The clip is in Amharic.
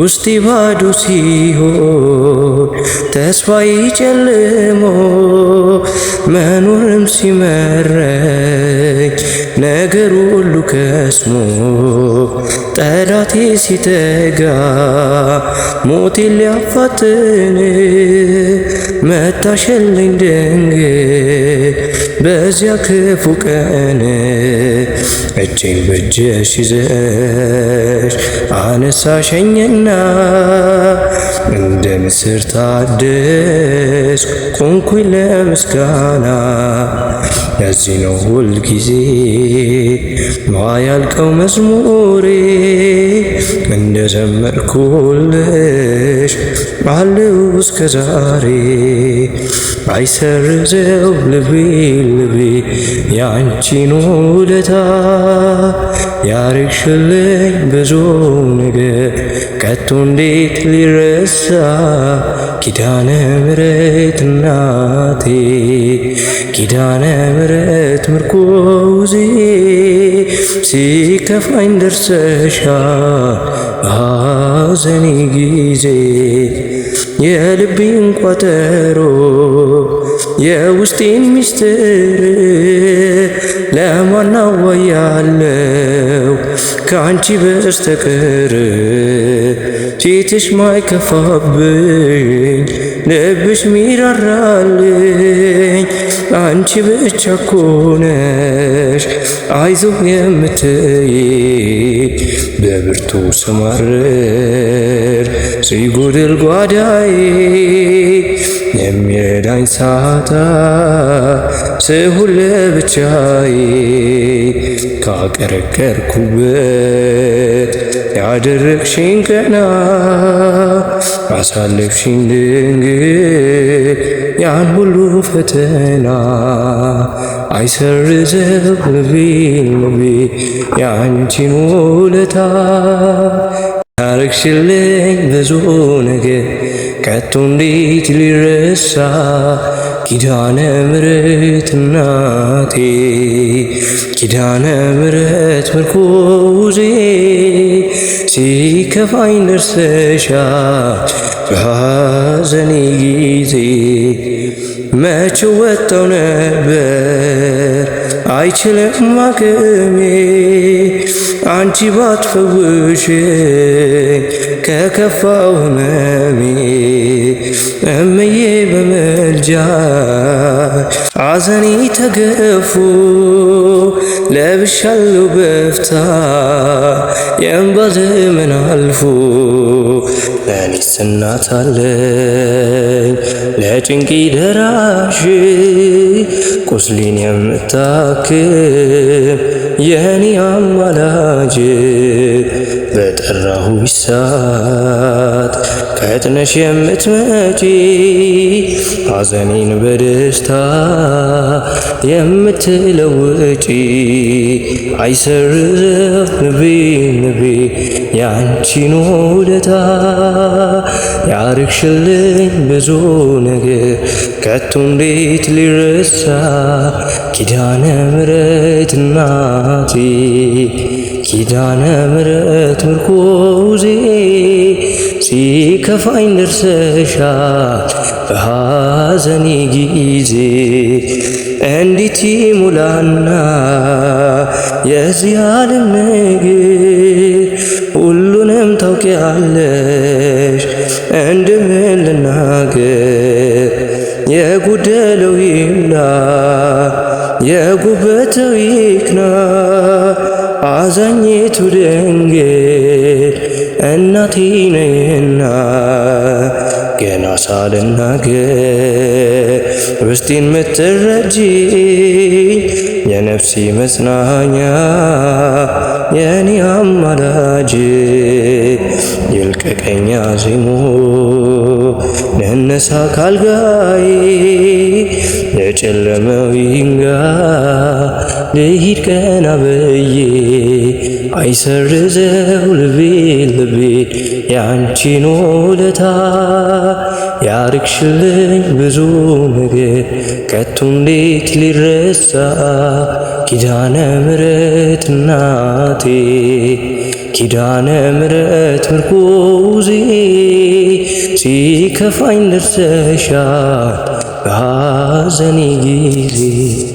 ውስጤ ባዶ ሲሆን ተስፋዬ ጨልሞ መኖርም ሲመረኝ ነገሩ ሁሉ ከስሞ ጠላቴ ሲተጋ ሞቴ ሊያፋትን መታሸልኝ ድንግል በዚያ ክፉ ቀን እጄን በጀሽ ይዘሽ አነሳሸኝና እንደ ምስር ታደስ ቆንኩኝ ለምስጋና ለዚህ ነው ሁልጊዜ ማያልቀው መዝሙሬ እንደ ዘመርኩልሽ አለው እስከ ዛሬ አይሰርዘው ልቤ ልቤ ያንቺን ውለታ ያረግሽልኝ ብዙ ነገር ከቶ እንዴት ሊረሳ ኪዳነ ምሕረት እናቴ ኪዳነ ምሕረት ምህረት ምርኩዜ ሲከፋኝ ደርሰሻል በሐዘኔ ጊዜ የልቤን ቋጠሮ የውስጤን ሚስጥር ለማናወያለው ከአንቺ በስተቀር ፊትሽ ማይከፋብኝ ልብሽ ሚራራልኝ አንቺ ብቻ እኮ ነሽ የምትይ በብርቱ ስማርር ሲጎድል ጓዳዬ የሚረዳኝ ሳታ ስሁል ብቻዬ ካቀረቀርኩበት ያደረግሽኝ ቀና አሳለፍሽኝ ድንግል ያን ሁሉ ፈተና አይሰርዘው ልቤ ልቤ ያንቺን ውለታ ያረግሽልኝ ብዙ ነገር ከቶ እንዴት ሊረሳ ኪዳነ ምሕረት እናቴ ኪዳነ ምሕረት ምርኩዜ ሲከፋኝ ደርሰሻል በሐዘኔ ጊዜ መቼ ወጣው ነበር አይችልም አቅሜ አንቺ ባትፈውሽኝ ከከፋው ሕመሜ እምዬ በመልጃሽ አዘኔ ተገፉ ለብሻለሁ በፍታ የእንባ ዘመን አልፉ ለእኔስ እናት አለኝ ለጭንቂ ደራሽ ቁስሊን የምታክም የኔ አማላጅ በጠራሁ ሰዓት ነሽ የምትመጪ ሐዘኔን በደስታ የምትለውጪ አይሰርዘው ንቤ ንቤ ያንቺን ውለታ ያርግሽልኝ ብዙ ነገር ከቶ እንዴት ሊረሳ ኪዳነ ምሕረት እናቴ ኪዳነ ምሕረት ምርኮዜ ሲከፋኝ ደርሰሻል በሐዘኔ ጊዜ እንዲት ሙላና የዚህ ዓለም ነገር ሁሉንም ታውቂያለሽ እንደምን ልናገር የጎደለው ይምላ የጉበተው ይክና አዛኝቱ ድንግል እናቴ ነህና ገና ሳልናገር ውስጤን ምትረጂኝ የነፍሴ መጽናኛ የኔ አማላጅ ለቀቀኝ አዚሙ ለነሳ ካልጋዬ ለጨለመው ይንጋ ልሂድ ቀና ብዬ አይሰርዘው ልቤ ልቤ ያንቺን ውለታ ያርግሽልኝ ብዙ ነገር ከቱ እንዴት ሊረሳ ኪዳነ ምሕረት እናቴ ኪዳነ ምሕረት ምርኩዜ ሲከፋኝ ደርሰሻል በሐዘኔ ጊዜ